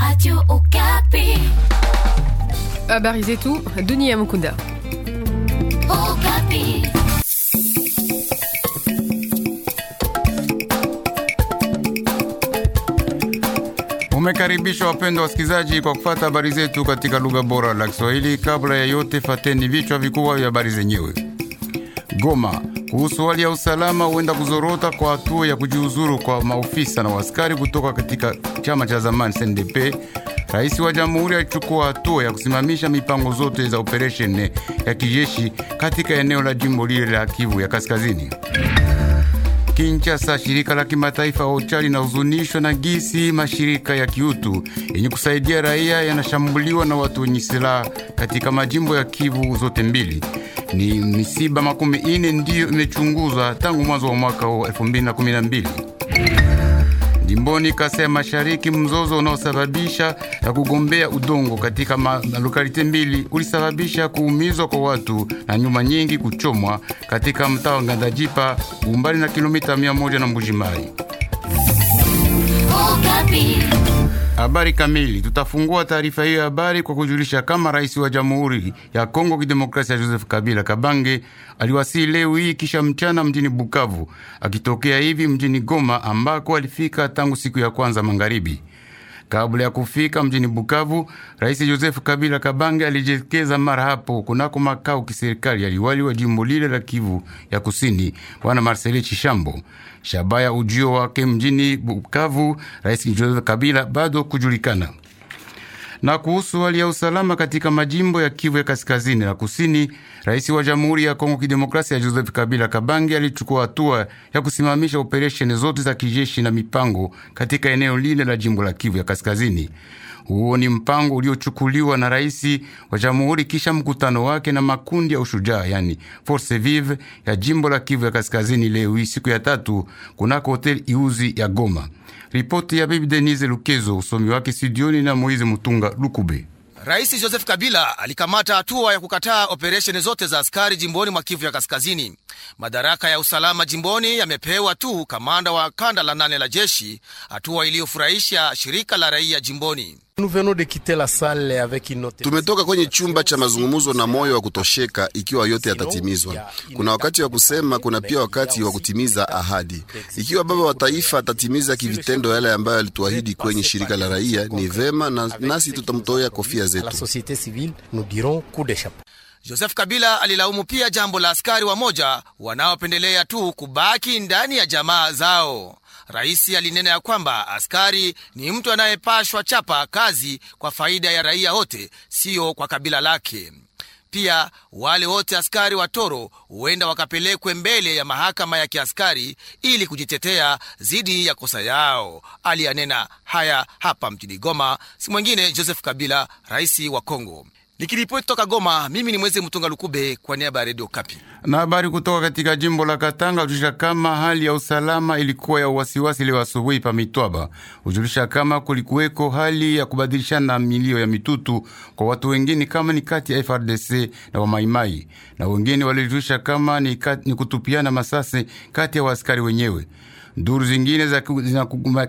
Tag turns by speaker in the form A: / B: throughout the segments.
A: Radio Okapi. Habari tout, Denis Amukunda. Okapi.
B: Umekaribishwa wapendwa wasikilizaji, kwa kufata habari zetu katika lugha bora la Kiswahili. Kabla ya yote, fateni vichwa vikubwa vya habari zenyewe. Goma, kuhusu hali ya usalama huenda kuzorota kwa hatua ya kujiuzuru kwa maofisa na waskari kutoka katika chama cha zamani CNDP. Rais wa jamhuri alichukua hatua ya kusimamisha mipango zote za operesheni ya kijeshi katika eneo la jimbo lile la Kivu ya Kaskazini. Kinchasa, shirika la kimataifa OCHA linahuzunishwa na gisi mashirika ya kiutu yenye kusaidia raia yanashambuliwa na watu wenye silaha katika majimbo ya Kivu zote mbili. Ni misiba makumi ine ndiyo imechunguzwa tangu mwanzo wa mwaka wa 2012. Jimboni Kasai Mashariki, mzozo unaosababisha na kugombea udongo katika lokalite mbili ulisababisha kuumizwa kwa watu na nyumba nyingi kuchomwa katika mtaa wa Ngandajipa umbali na kilomita mia moja na Mbujimai. Habari kamili, tutafungua taarifa hiyo habari kwa kujulisha kama rais wa Jamhuri ya Kongo Kidemokrasia Joseph Kabila Kabange aliwasili leo hii kisha mchana mjini Bukavu akitokea hivi mjini Goma ambako alifika tangu siku ya kwanza magharibi. Kabla ya kufika mjini Bukavu, Rais Joseph Kabila Kabange alijekeza mara hapo kunako makao kiserikali ya liwali wa jimbo lile la Kivu ya Kusini, Bwana Marcel Chishambo. Shabaya ujio wake mjini Bukavu, Rais Joseph Kabila bado kujulikana. Na kuhusu hali ya usalama katika majimbo ya Kivu ya kaskazini na kusini, rais wa Jamhuri ya Kongo Kidemokrasia ya Joseph Kabila Kabange alichukua hatua ya kusimamisha operesheni zote za kijeshi na mipango katika eneo lile la jimbo la Kivu ya kaskazini. Huo ni mpango uliochukuliwa na rais wa jamhuri kisha mkutano wake na makundi ya ushujaa, yani Force Vive ya jimbo la Kivu ya kaskazini leo hii siku ya tatu kunako hotel Iuzi ya Goma. Ripoti ya bibi Denise Lukezo, usomi wake studioni na Moise Mutunga. Lukube.
A: Rais Joseph Kabila alikamata hatua ya kukataa operesheni zote za askari jimboni mwa Kivu ya Kaskazini. Madaraka ya usalama jimboni yamepewa tu kamanda wa kanda la nane la jeshi, hatua iliyofurahisha shirika la raia jimboni.
B: Tumetoka kwenye chumba cha mazungumzo na moyo wa kutosheka, ikiwa yote yatatimizwa. Kuna wakati wa kusema, kuna pia wakati wa kutimiza ahadi. Ikiwa baba wa taifa atatimiza kivitendo yale ambayo alituahidi kwenye shirika la raia, ni vema na nasi tutamtoea kofia zetu.
A: Joseph Kabila alilaumu pia jambo la askari wamoja wanaopendelea tu kubaki ndani ya jamaa zao. Rais alinena ya kwamba askari ni mtu anayepashwa chapa kazi kwa faida ya raia wote, siyo kwa kabila lake. Pia wale wote askari wa toro huenda wakapelekwe mbele ya mahakama ya kiaskari ili kujitetea dhidi ya kosa yao. Aliyanena haya hapa mjini Goma, si mwingine Joseph Kabila, rais wa Kongo. Nikiripoti toka Goma, mimi ni Mweze Mtunga Lukube kwa niaba ya Radio
B: Kapi. Na habari kutoka katika jimbo la Katanga hujulisha kama hali ya usalama ilikuwa ya uwasiwasi leo asubuhi pa Mitwaba. Hujulisha kama kulikuweko hali ya kubadilishana milio ya mitutu kwa watu wengine kama ni kati ya FRDC na wamaimai, na wengine walijulisha kama ni, kat, ni kutupiana masasi kati ya waaskari wenyewe. Duru zingine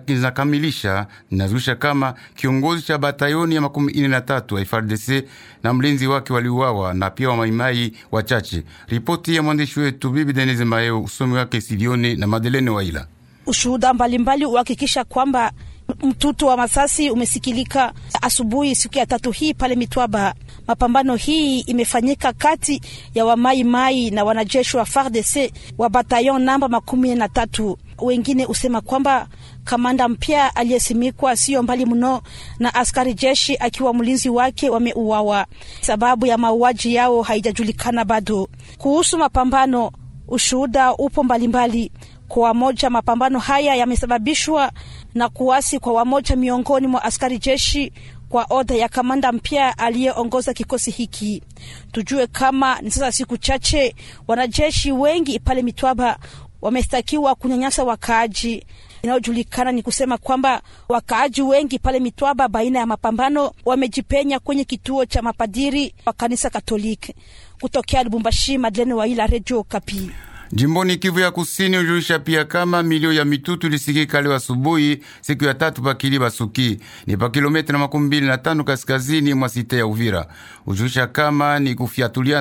B: zinakamilisha zinazulisha kama kiongozi cha batayoni ya makumi ine na tatu FRDC na mlinzi wake waliuawa na pia wamaimai wachache. Ripoti Ripoti ya mwandishi wetu Bibi Denise Mayo, usomi wake Sidioni na Madeleine Waila.
C: Ushuhuda mbalimbali uhakikisha kwamba mtutu wa masasi umesikilika asubuhi siku ya tatu hii pale Mitwaba. Mapambano hii imefanyika kati ya wamaimai na wanajeshi wa FARDC wa batayon namba makumi na tatu. Wengine husema kwamba kamanda mpya aliyesimikwa siyo mbali mno na askari jeshi akiwa mlinzi wake wameuawa. Sababu ya mauaji yao haijajulikana bado. Kuhusu mapambano, ushuhuda upo mbalimbali mbali kwa wamoja. Mapambano haya yamesababishwa na kuasi kwa wamoja miongoni mwa askari jeshi kwa oda ya kamanda mpya aliyeongoza kikosi hiki. Tujue kama ni sasa siku chache wanajeshi wengi pale Mitwaba wamestakiwa kunyanyasa wakaaji. Inayojulikana ni kusema kwamba wakaaji wengi pale Mitwaba baina ya mapambano wamejipenya kwenye kituo cha mapadiri wa kanisa Katoliki. Kutokea Lubumbashi, Madlene Waila, Redio Kapi.
B: Jimboni Kivu ya Kusini ujulisha pia kama milio ya mitutu ilisikika leo asubuhi siku ya tatu pakili basuki ni pa kilomita makumi mbili na tano kaskazini mwa site ya Uvira. Ujulisha kama ni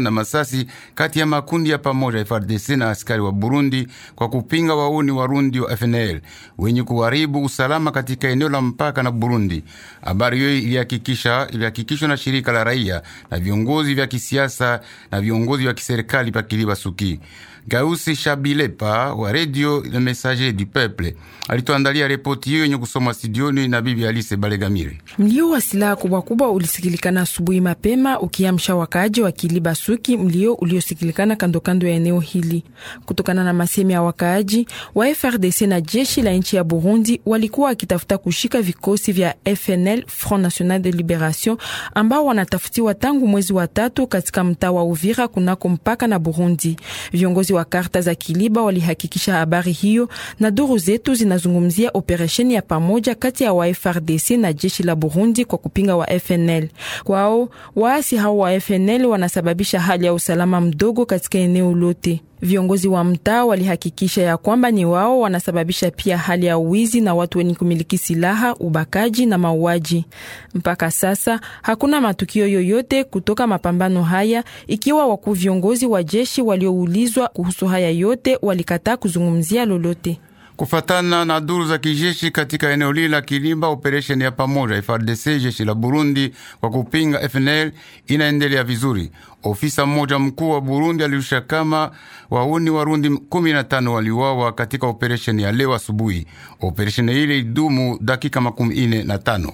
B: na masasi kati ya makundi ya pamoja FRDC na askari wa Burundi kwa kupinga wauni warundi wa FNL wenye kuharibu usalama katika eneo la mpaka na Burundi. Habari hiyo ilihakikisha ilihakikishwa na shirika la raia na viongozi vya kisiasa na viongozi vya kiserikali pakili basuki. Gausi Shabilepa wa Radio Le Messager du Peuple alituandalia ripoti hiyo yenye kusoma studioni na bibi Alice Balegamire.
D: Mlio wa silaha kubwa kubwa ulisikilikana asubuhi mapema ukiamsha wakaaji wa Kiliba Suki, mlio uliosikilikana kandokando ya eneo hili. Kutokana na masemi ya wakaaji wa FRDC na jeshi la nchi ya Burundi, walikuwa wakitafuta kushika vikosi vya FNL, Front National de Liberation, ambao wanatafutiwa tangu mwezi wa tatu katika mtaa wa Uvira kunako mpaka na Burundi. Viongozi wa karta za Kiliba walihakikisha habari hiyo, na duru zetu zinazungumzia operesheni ya pamoja kati ya wafrdc na jeshi la Burundi kwa kupinga wa FNL. Kwao waasi hao wa FNL wanasababisha hali ya usalama mdogo katika eneo lote. Viongozi wa mtaa walihakikisha ya kwamba ni wao wanasababisha pia hali ya uwizi na watu wenye kumiliki silaha, ubakaji na mauaji. Mpaka sasa hakuna matukio yoyote kutoka mapambano haya, ikiwa wakuu viongozi wa jeshi walioulizwa kuhusu haya yote walikataa kuzungumzia lolote.
B: Kufatana na duru za kijeshi katika eneo lile la Kilimba, operesheni ya pamoja frdc jeshi la Burundi kwa kupinga FNL inaendelea vizuri. Ofisa mmoja mkuu wa Burundi alirusha kama wauni Warundi 15 waliuawa katika operesheni ya leo asubuhi. Operesheni ile idumu dakika makumi ine na tano.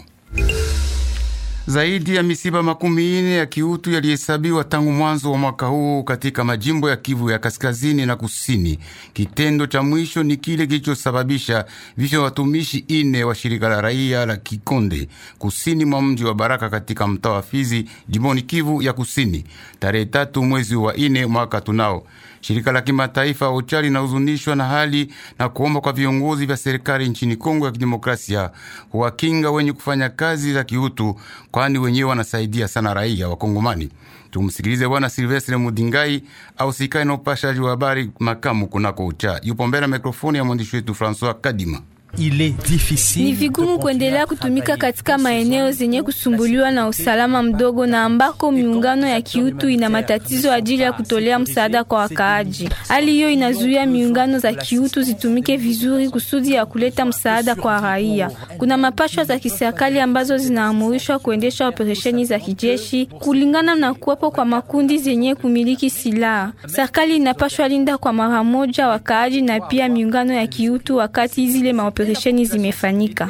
B: Zaidi ya misiba makumi ine ya kiutu yalihesabiwa tangu mwanzo wa mwaka huu katika majimbo ya Kivu ya kaskazini na kusini. Kitendo cha mwisho ni kile kilichosababisha vifo watumishi ine wa shirika la raia la Kikonde kusini mwa mji wa Baraka katika mtaa wa Fizi, jimboni Kivu ya kusini, tarehe tatu mwezi wa ine mwaka tunao Shirika la kimataifa OCHA linahuzunishwa na hali na kuomba kwa viongozi vya serikali nchini Kongo ya Kidemokrasia kuwakinga wenye kufanya kazi za kiutu, kwani wenyewe wanasaidia sana raia wa Kongomani. Tumsikilize Bwana Silvestre Mudingai au sikai na upashaji wa habari makamu kunako OCHA, yupo mbele ya mikrofoni ya mwandishi wetu Francois Kadima ile difficile. Ni
C: vigumu kuendelea kutumika katika maeneo zenye kusumbuliwa na usalama mdogo na ambako miungano ya kiutu ina matatizo ajili ya kutolea msaada kwa wakaaji. Hali hiyo inazuia miungano za kiutu zitumike vizuri kusudi ya kuleta msaada kwa raia. Kuna mapashwa za kiserikali ambazo zinaamurishwa kuendesha operesheni za kijeshi kulingana na kuwepo kwa makundi zenye kumiliki silaha. Serikali inapashwa linda kwa mara moja wakaaji na pia miungano ya kiutu wakati zile maoperesheni Les operesheni zimefanyika.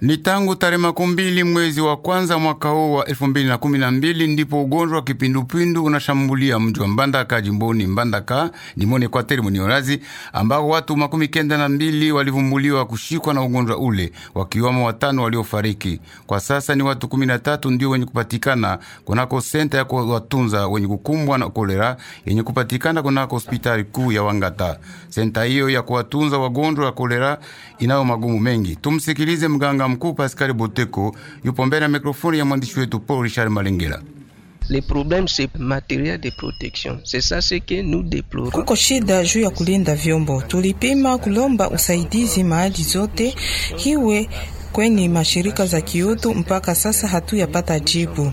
B: Ni tangu tarehe makumi mbili mwezi wa kwanza mwaka huu wa 2012 ndipo ugonjwa wa kipindupindu unashambulia mji wa Mbandaka jimboni Mbandaka nimone kwa teri mweniorazi ambao watu makumi kenda na mbili walivumbuliwa kushikwa na ugonjwa ule, wakiwamo watano waliofariki. Kwa sasa ni watu 13 ndio wenye kupatikana kunako senta ya kuwatunza wenye kukumbwa na kolera yenye kupatikana kunako hospitali kuu ya Wangata. Senta hiyo ya kuwatunza wagonjwa wa kolera inayo magumu mengi. Tumsikilize mganga Mganga mkuu Pascal Boteko yupo mbele na mikrofoni ya mwandishi wetu Paul Richard Malengela. Le problème c'est matériel de protection. C'est ça ce que nous déplorons. Kuko
D: shida juu ya kulinda vyombo. Tulipima kulomba usaidizi mahali zote hiwe kweni mashirika za kiutu mpaka sasa hatuyapata jibu.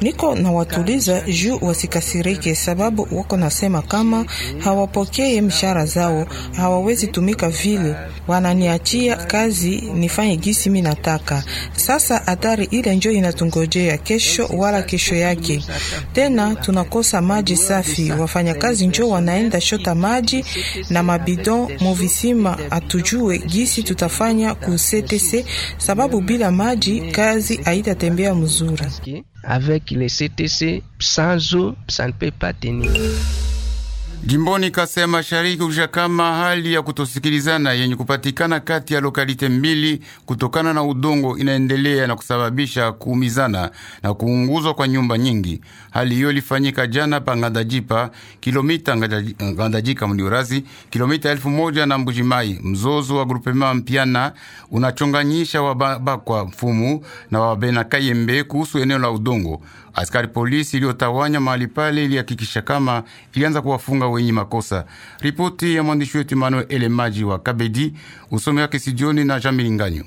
D: Niko na watuliza juu wasikasirike, sababu wako nasema kama hawapokee mshahara zao hawawezi tumika vile wananiachia kazi nifanye gisi mi nataka. Sasa hatari ile njo inatungojea kesho wala kesho yake. Tena tunakosa maji safi, wafanyakazi njo wanaenda shota maji na mabidon movisima, atujue gisi tutafanya kusetese, sababu bila maji kazi haitatembea mzuri. Avec le
A: CTC, sans eau, ça ne peut pas tenir.
B: Jimboni Kasai Mashariki kuisha kama hali ya kutosikilizana yenye kupatikana kati ya lokalite mbili kutokana na udongo inaendelea na kusababisha kuumizana na kuunguzwa kwa nyumba nyingi. Hali hiyo ilifanyika jana pa Ngandajipa, kilomita Ngandajika mliurazi kilomita elfu moja na Mbujimai. Mzozo wa grupema Mpiana unachonganyisha wabakwa mfumu na wabena Kayembe kuhusu eneo la udongo. Askari polisi iliyotawanya mahali pale ilihakikisha kama ilianza kuwafunga wenye makosa. Ripoti ya mwandishi wetu Manuel Elemaji wa Kabedi, usomi wake Sidioni na Jamilinganyo.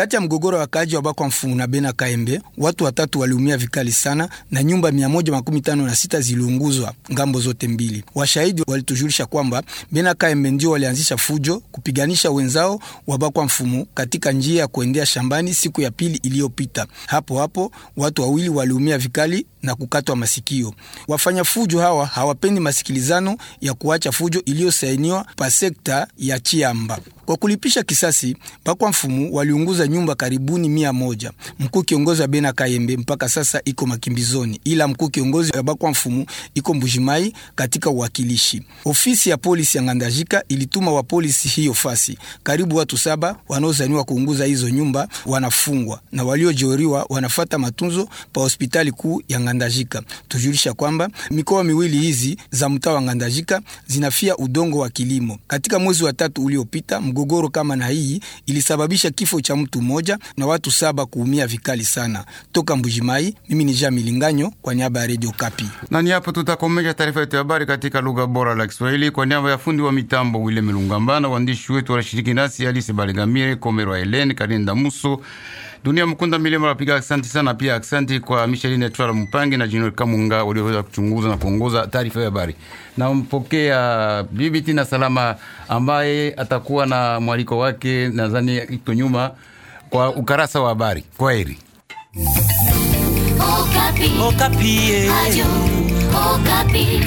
E: Kati ya mgogoro wa kaji wa bakwa Bakwamfungu na Bena Kaembe, watu watatu waliumia vikali sana na nyumba 156 ziliunguzwa ngambo zote mbili. Washahidi walitujulisha kwamba Bena Kaembe ndio walianzisha fujo kupiganisha wenzao wa Mfumu katika njia ya kuendea shambani siku ya pili iliyopita. Hapo hapo watu wawili waliumia vikali na kukatwa masikio. Wafanya fujo hawa hawapendi masikilizano ya kuacha fujo iliyosainiwa pa sekta ya Chiamba. Kwa kulipisha kisasi, pakwa mfumu waliunguza nyumba karibuni mia moja. Mkuu kiongozi wa Bena Kayembe mpaka sasa iko makimbizoni, ila mkuu kiongozi wa Pakwa mfumu iko Mbujimai katika uwakilishi. Ofisi ya polisi ya Ngandajika ilituma wa polisi hiyo fasi. Karibu watu saba wanaozaniwa kuunguza hizo nyumba wanafungwa na waliojeruhiwa wanafata matunzo pa hospitali kuu ya Ngandajika. Tujulisha kwamba mikoa miwili hizi za mtaa wa Ngandajika zinafia udongo wa kilimo. Katika mwezi wa tatu uliopita mgo migogoro kama na hii ilisababisha kifo cha mtu mmoja na watu saba kuumia vikali sana. Toka Mbujimai, mimi ni Jean Milinganyo kwa niaba ya Radio Kapi.
B: Na ni hapo tutakomesha taarifa yetu ya habari katika lugha bora la Kiswahili kwa niaba ya fundi wa mitambo Wile lungambana waandishi wetu walishiriki nasi Alise Balegamire, Komero Helen, Karinda Muso Dunia Mkunda Milima wapiga asanti sana, pia asanti kwa Micheline Twala mpangi na Junior Kamunga walioweza kuchunguza na kuongoza taarifa ya habari. Na mpokea Bibi Tina Salama ambaye atakuwa na mwaliko wake nadhani iko nyuma kwa ukarasa wa habari. Kwaheri.
C: Okapi. Okapi. Eh. Ayu, Okapi.